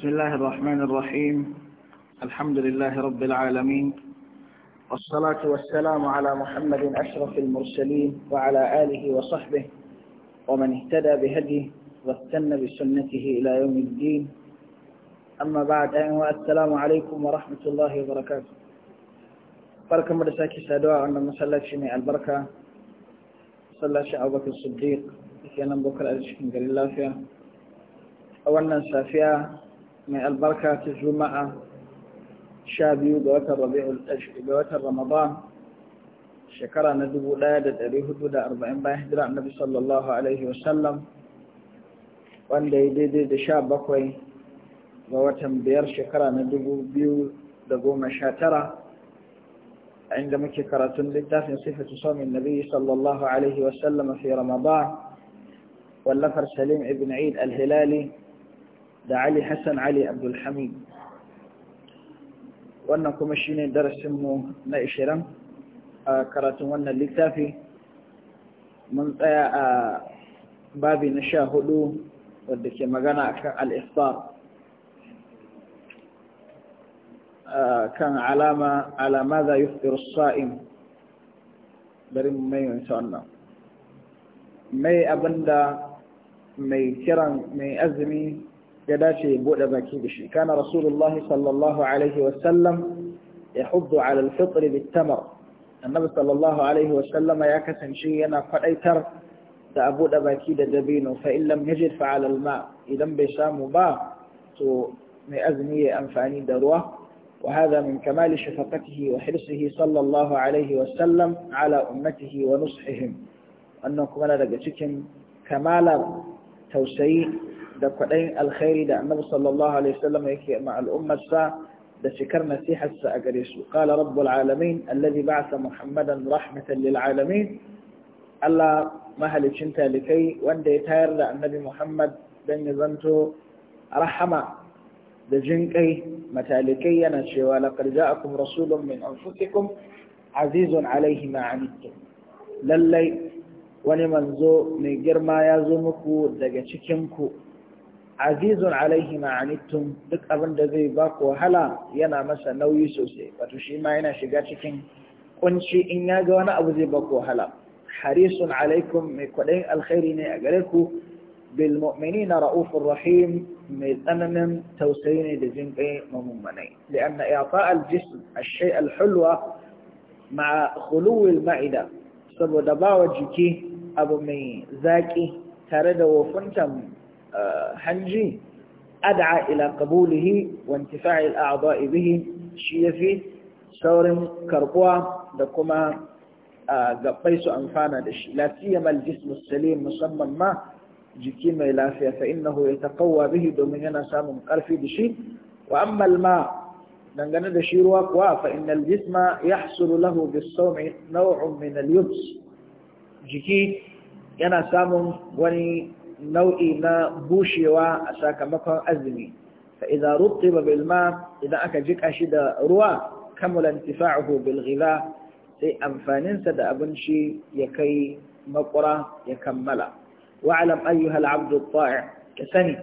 بسم الله الرحمن الرحيم الحمد لله رب العالمين والصلاة والسلام على محمد أشرف المرسلين وعلى آله وصحبه ومن اهتدى بهديه واستنى بسنته إلى يوم الدين أما بعد أيها السلام عليكم ورحمة الله وبركاته بركة مرساكي سادوا أن مسلك شميع البركة صلى أبو بكر الصديق في بكرة أجل أرشكم قال الله فيها أولا سافيا مع البركات الجمعة شابي ودوات الربيع الأجل ودوات الرمضان شكرا ندب أولاد أبي هدود أربعين باهدراء النبي صلى الله عليه وسلم وان دي دي دي دي شاب بقوي ودوات بير شكرا ندب بيو دقو مشاترة عندما كرات للدافن صفة صوم النبي صلى الله عليه وسلم في رمضان ولفر سليم ابن عيد الهلالي da Ali Hassan Ali Abdulhamid wannan kuma shine darasinmu na 20 a karatun wannan littafi mun tsaya a babi na sha hudu wadda ke magana akan kan alifbar kan alama alama za yuftir sa'im bari mai wani wannan mai abinda mai kiran mai azumi ya dace ya bude baki da shi kana rasulullahi sallallahu alaihi wasallam ya huddu ala alfitr bitamar annabi sallallahu alaihi wasallama ya kasance yana fadaitar da abu da baki da dabino fa in lam yajid fa ala alma idan bai samu ba to mai azumi ya amfani da ruwa وهذا من كمال شفقته وحرصه صلى الله عليه وسلم على أمته ونصحهم أنكم أنا لقيتكم كمال توسعي da kwaɗayin alkhairi da annabi sallallahu alaihi wasallam yake ma al'ummarsa da cikar nasiharsa a gare su qala rabbul alamin alladhi ba'atha muhammadan rahmatan lil alamin Allah mahalicin talikai wanda ya tayar da annabi muhammad dan ya zanto rahama da jinkai matalikai yana cewa laqad ja'akum rasulun min anfusikum azizun alaihi ma anittum lallai wani manzo mai girma ya zo muku daga cikinku azizun alaihi ma'anittum duk abin da zai ba ku wahala yana masa nauyi sosai wato shi ma yana shiga cikin kunci in ya ga wani abu zai ba ku wahala harisun alaikum mai kwaɗayin alkhairi ne a gare ku bil na ra'ufur rahim mai tsananin tausayi ne da jin kai mamummanai li'anna i'ta al-jism ash-shay' al-hulwa ma'a khuluwi maida saboda bawa jiki abu mai zaƙi tare da wofuntan hanji ad'a ila qabulihi wa intifa'i al bihi shi yafi saurin karbuwa da kuma gabbai su amfana da shi la siyama salim musamman ma jiki mai lafiya fa innahu yataqawwa bihi domin yana samun karfi da shi wa amma al-ma' dangane da shi ruwa kuwa fa innal jisma yahsulu lahu bis-sawmi naw'un min al-yubs jiki yana samun wani nau'i na bushewa a sakamakon azumi fa idza rutiba bil idan aka jika shi da ruwa kamula intifa'uhu bil ghidha sai amfanin da abinci ya kai makura ya kammala wa'alam ayyuhal ayyuha al abdu ka sani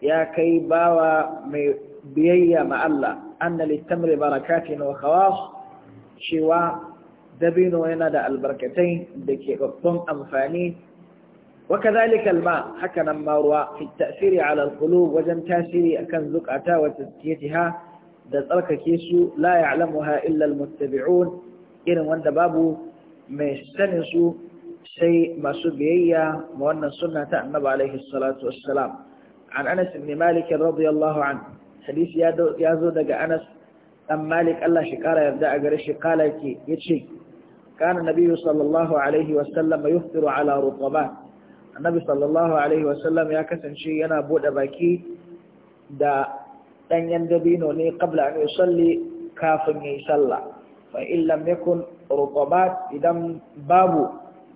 ya kai bawa mai biyayya ma Allah anna litamri barakatin wa khawas cewa dabino yana da albarkatai da ke babban amfani وكذلك الماء حكنا ما روى في التأثير على القلوب وجن تاسيري أكن زكعتا وتزكيتها ذلك كيسو لا يعلمها إلا المتبعون إن وند بابو ميستنسو شيء ما سبيئية موانا سنة النبي عليه الصلاة والسلام عن أنس بن مالك رضي الله عنه حديث يازو دقى أنس أم مالك الله شكارة يبدأ قريش قال يتشي كان النبي صلى الله عليه وسلم يفطر على رطبات annabi sallallahu alaihi wasallam ya kasance yana bude baki da danyen dabino ne kabla an salli kafin yayi sallah fa in yakun ruqabat idan babu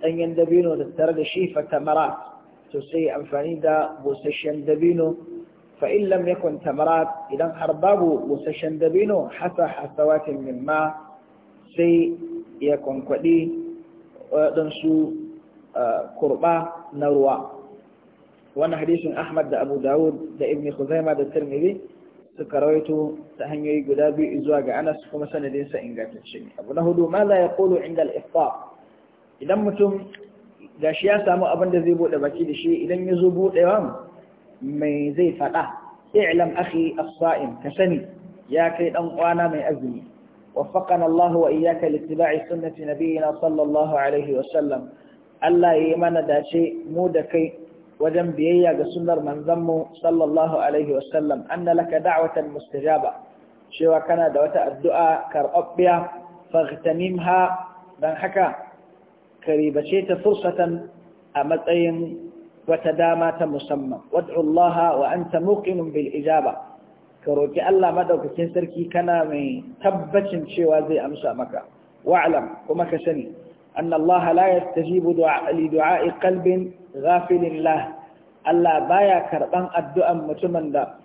danyen dabino da tare da shi fa tamarat to sai amfani da busasshen dabino fa in yakun tamarat idan har babu busasshen dabino hasa hasawatin ma sai ya kwankwadi waɗansu kurba na ruwa wannan hadisin Ahmad da Abu Dawud da Ibn Khuzaimah da Tirmidhi suka rawaito ta hanyoyi guda biyu zuwa ga Anas kuma sanadin sa ingantacce ne abu na hudu ma la yaqulu inda al idan mutum gashi ya samu abin da zai bude baki da shi idan ya zo budewa mai zai faɗa i'lam akhi as-sa'im ka sani ya kai dan uwana mai azumi وفقنا الله وإياك لاتباع سنة نبينا صلى الله عليه وسلم Allah ya yi mana dace mu da kai wajen biyayya ga sunar manzanmu sallallahu alaihi wasallam anna laka da'watan mustajaba cewa kana da wata addu'a karɓaɓɓiya faghtamimha dan haka karibace ta fursatan a matsayin wata dama ta musamman wad'ullaha wa wa anta muqinun bil ijaba ka roƙi Allah madaukakin sarki kana mai tabbacin cewa zai amsa maka wa'lam kuma ka sani أن الله لا يستجيب دعاء لدعاء قلب غافل له Allah baya karɓan addu'an mutumin da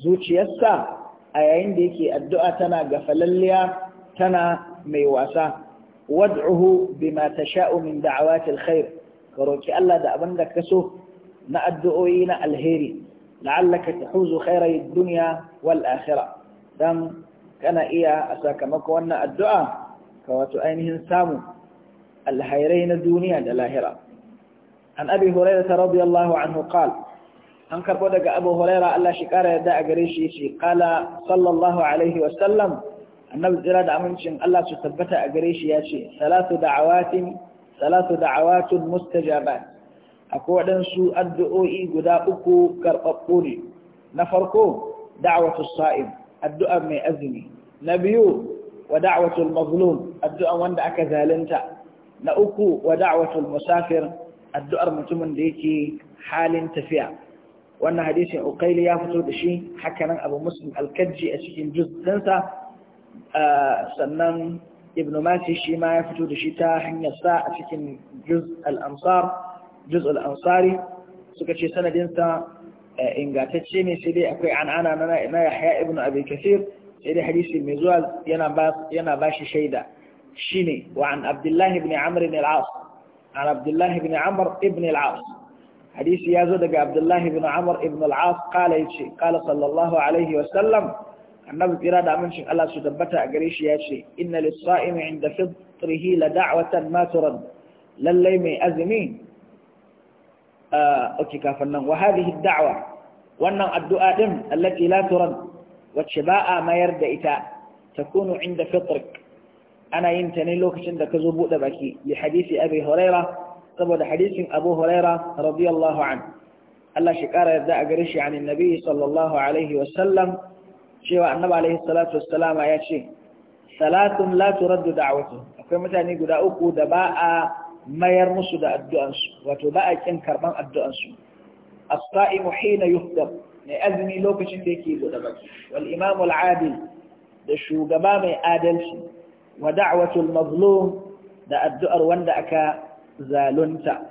zuciyarsa a yayin da yake addu'a tana gafalalliya tana mai wasa wad'uhu bima tasha'u min da'awatil khair ka roki Allah da abin da ka so na addu'o'i na alheri la'allaka tahuzu khairai duniya wal akhira dan kana iya a sakamakon wannan addu'a ka wato ainihin samu alhairai na duniya da lahira an abi hurairah radiyallahu anhu qala an karbo daga abu huraira Allah shi kara yadda a gare shi shi kala sallallahu alaihi wasallam annabi tsira da amincin Allah su tabbata a gare shi ya ce salatu da'awatin salatu da'awatun mustajabat akwai waɗansu addu'o'i guda uku karɓaɓɓu ne na farko da'awatu sa'im addu'a mai azumi na biyu wa da'awatu mazlum addu'a wanda aka zalunta na uku wa da'watul musafir addu'ar mutumin da yake halin tafiya wannan hadisin uqaili ya fito da shi hakanan abu muslim al-kajji a cikin juzdansa sannan ibn mati shi ma ya fito da shi ta hanyar sa a cikin juz al-ansar juz al-ansari suka ce sanadinsa ingatacce ne sai dai akwai an'ana na yahya ibn abi kathir sai dai hadisi mai zuwa yana ba shi shaida شيني وعن عبد الله بن عمرو بن العاص عن عبد الله بن عمرو بن العاص حديث يازد عبد الله بن عمرو بن العاص قال يشي قال صلى الله عليه وسلم النبي إرادة من شيء الله سدبتها قريش يشي إن للصائم عند فطره لدعوة ما ترد لليم أزمين آه أوكي كافرنا وهذه الدعوة وأن الدعاء التي لا ترد وشباء ما يرد إتاء تكون عند فطرك ana yin ta ne lokacin da ka zo buɗe baki li hadisi abi huraira saboda hadisin abu huraira radiyallahu an Allah shi ƙara yarda a gare shi anin nabi sallallahu alaihi cewa annabi alaihi salatu ya ce salatun la turaddu da'watu akwai mutane guda uku da ba a mayar musu da addu'ansu wato ba a kin karban addu'ansu as-sa'imu hina yuhdab ne azumi lokacin da yake buɗe baki wal imamu al-adil da shugaba mai adalci wa da'watul mazlum da addu'ar wanda aka zalunta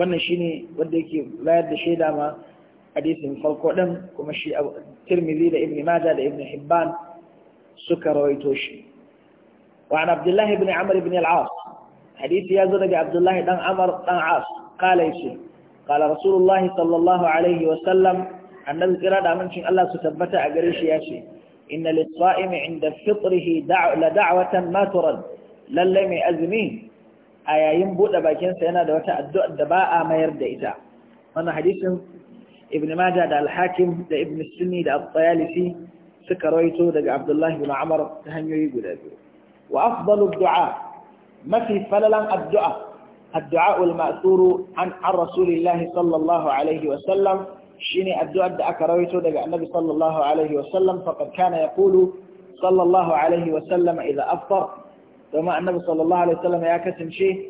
wannan shine wanda yake bayar da shaida ma hadisin farko din kuma shi Tirmidhi da Ibn Majah da Ibn Hibban suka rawaito shi wa an Abdullah ibn Amr ibn al-As hadisi ya zo daga Abdullah dan Amr dan As kala yace kala Rasulullah sallallahu alaihi wa sallam annabi kira da amincin Allah su tabbata a gare shi yace إن للصائم عند فطره لدعوة ما ترد للي أزمين أي آيا ينبوء لباكين سينا دوتا الدعاء الدباء ما يرد إتا وانا حديث ابن ماجه دا الحاكم دا ابن السني دا الطيالسي سكرويتو دا عبد الله بن عمر تهنيو يقول أبي وأفضل الدعاء ما في فللا الدعاء الدعاء المأثور عن رسول الله صلى الله عليه وسلم shine addu'ar da aka rawaito daga annabi sallallahu alaihi wa faqad kana yaqulu sallallahu alaihi wa idza afṭar kuma annabi sallallahu alaihi ya kasance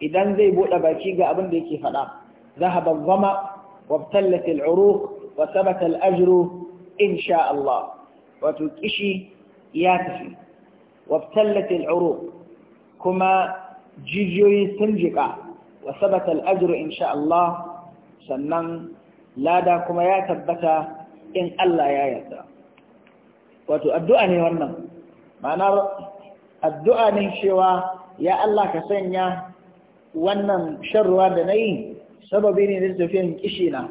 idan zai bude baki ga abin da yake fada ذهب الظما وابتلت العروق وثبت الاجر ان شاء الله وتكشي ياتي وابتلت العروق كما جيجوي سنجقا وثبت الاجر ان شاء الله sannan lada kuma ya tabbata in Allah ya yarda wato addu'a ne wannan ma'anar addu'a ne cewa ya Allah ka sanya wannan sharruwa da na yi sababi ne da tafiyan kishina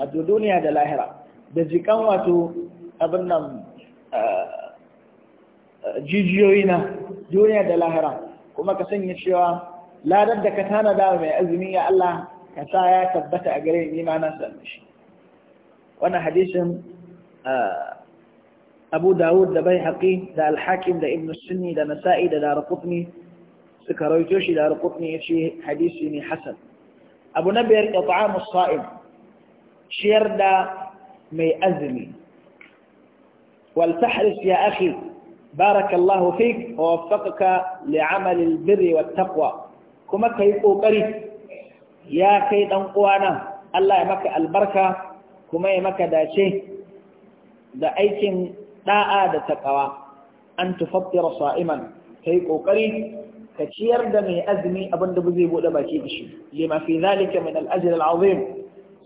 wato duniya da lahira da jikan wato abin nan jijiyoyi na duniya da lahira kuma ka sanya cewa ladar da ka tanada mai azumi ya Allah ka sa ya tabbata a gare ni ma na same shi wannan hadisin Abu Dawud da Baihaqi da Al-Hakim da Ibn Sunni da Nasa'i da Darqutni suka rawaito shi Darqutni yace hadisi ne hasan abu na biyar it'amu sa'im ciyar da mai azumi wal tahris ya akhi barakallahu fik wa waffaqaka li'amali al-birri wat taqwa kuma kai kokari ya kai ɗan uwana Allah ya maka albarka kuma ya maka dace da aikin ɗa'a da taƙawa an tufaffira sa'iman kai ƙoƙari ka ciyar da mai azumi abin da zai buɗe baki da shi lima fi zalika min al-ajr azim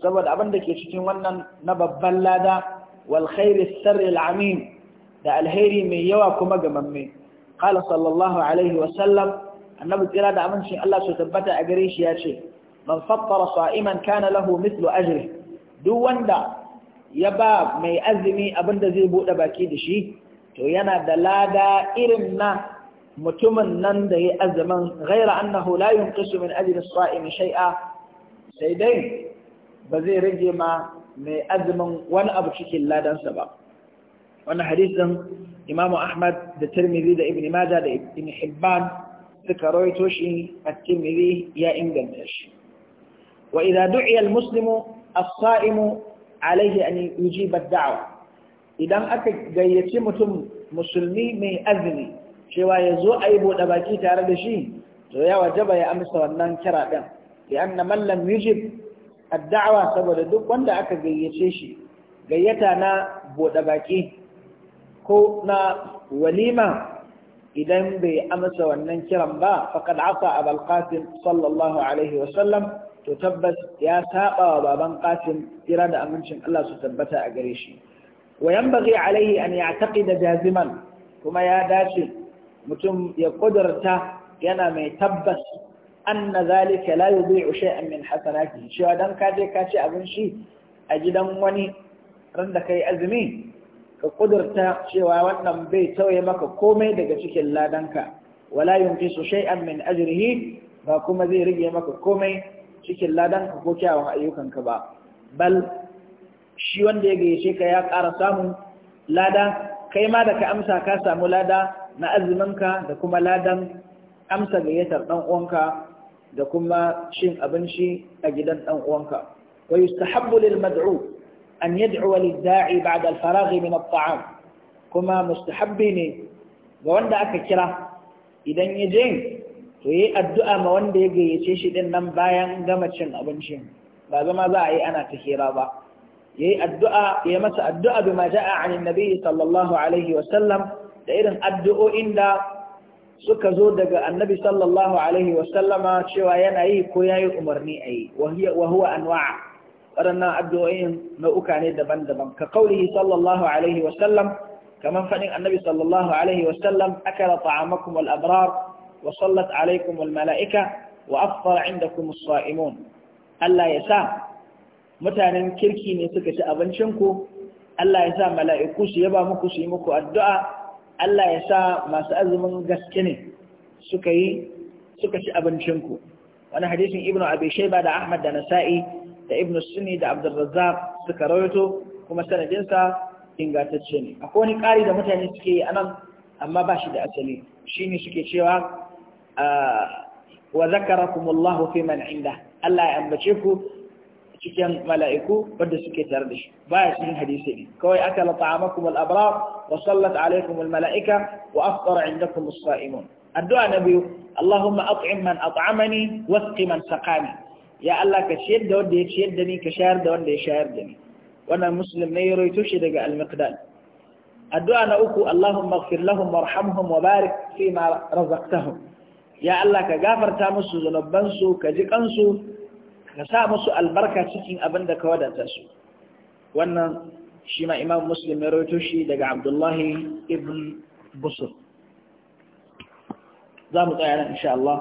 saboda abin da ke cikin wannan na babban lada wal khairi as-sirr da alheri mai yawa kuma ga mamme qala sallallahu alaihi wa sallam annabi tsira da amincin Allah su tabbata a gare shi ya ce man fattara sa'iman kana lahu mithlu ajri duk wanda ya ba mai azumi abinda zai bude baki da shi to yana da lada irin na mutumin nan da ya azumin ghaira annahu la yunqisu min ajri as-sa'imi shay'a sai dai ba zai rage ma mai azumin wani abu cikin ladansa ba wannan hadisin imam ahmad da tirmidhi da ibn majah da ibn hibban suka rawaito shi a tirmidhi ya inganta shi وإذا دعي المسلم الصائم عليه أن يجيب الدعوة idan aka gayyaci mutum musulmi mai azumi cewa ya zo a yi buɗe baki tare da shi to ya wajaba ya amsa wannan kira ɗin ya anna mallam yujib addawa saboda duk wanda aka gayyace shi gayyata na buɗe baki ko na walima idan bai amsa wannan kiran ba faqad asa abul qasim sallallahu to tabbas ya saba wa baban qasim kira da amincin Allah su tabbata a gare shi wa yanbaghi alaihi an ya'taqida jaziman kuma ya dace mutum ya kudurta yana mai tabbas anna zalika la yudhi'u shay'an min hasanatihi cewa dan ka je ka ci abin shi a gidan wani randa da kai azumi ka kudurta cewa wannan bai tauye maka komai daga cikin ladanka wala yunqisu shay'an min ajrihi ba kuma zai rige maka komai cikin ladanka ko kyawun ayyukanka ba bal shi wanda ya gayyace ka ya ƙara samun lada kai ma da ka amsa ka samu lada na azuminka da kuma ladan amsa gayyatar ɗanuwanka uwanka da kuma cin abinci a gidan ɗan uwanka wa yustahabbu lil mad'u an yad'u lid da'i ba al faraghi min at kuma mustahabbi ne ga wanda aka kira idan ya je to yi addu'a ma wanda ya gayyace shi din nan bayan gama cin abincin ba zama za a yi ana ta hira ba yayi addu'a ya masa addu'a bima ja'a 'an annabi sallallahu alaihi wa sallam da irin addu'o'in da suka zo daga annabi sallallahu alaihi wa sallama cewa yana yi ko yayi umarni ayi wa huwa anwa'a waɗannan addu'o'in nau'uka ne daban-daban ka kaulihi sallallahu alaihi wa sallam kamar fadin annabi sallallahu alaihi wa sallam akala ta'amakum al-abrar wa وصلت عليكم الملائكة وأفطر عندكم الصائمون ألا يسا mutanen kirki ne suka ci abincinku Allah ya sa mala'iku su yaba muku su yi muku addu'a Allah ya sa masu azumin gaske ne suka yi suka ci abincinku wani hadisin ibnu abi shaiba da ahmad da nasa'i da ibnu sunni da abdurrazzaq suka rawaito kuma sanadinsa ingantacce ne akwai wani ƙari da mutane suke yi anan amma ba shi da asali shine suke cewa wa zakarakumullahu fi man inda Allah ya ambace ku cikin mala'iku wanda suke tare da shi baya cikin hadisi ne kawai aka la ta'amakum al-abrar wa sallat alaykum al-mala'ika wa afṭara 'indakum as-sa'imun addu'a na biyu Allahumma at'im man at'amani wasqi man saqani ya Allah ka ciyar da wanda ya ciyar da ni ka shayar da wanda ya shayar da ni wannan muslim ne ya roito shi daga al-miqdad addu'a na uku Allahumma ighfir lahum warhamhum wa barik fi ma razaqtahum ya Allah ka gafarta musu zunubansu ka ji kansu ka sa musu albarka cikin abin da ka wadata su wannan shi ma imam muslim ya rawaito shi daga abdullahi ibn busur za mu tsaya nan insha Allah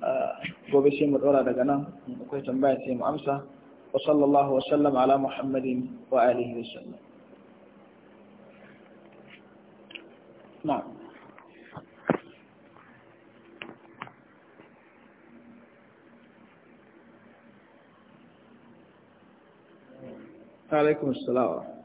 uh, gobe sai mu dora daga nan akwai tambaya sai mu amsa wa sallallahu wa sallam ala muhammadin wa alihi wa sallam alaikum salam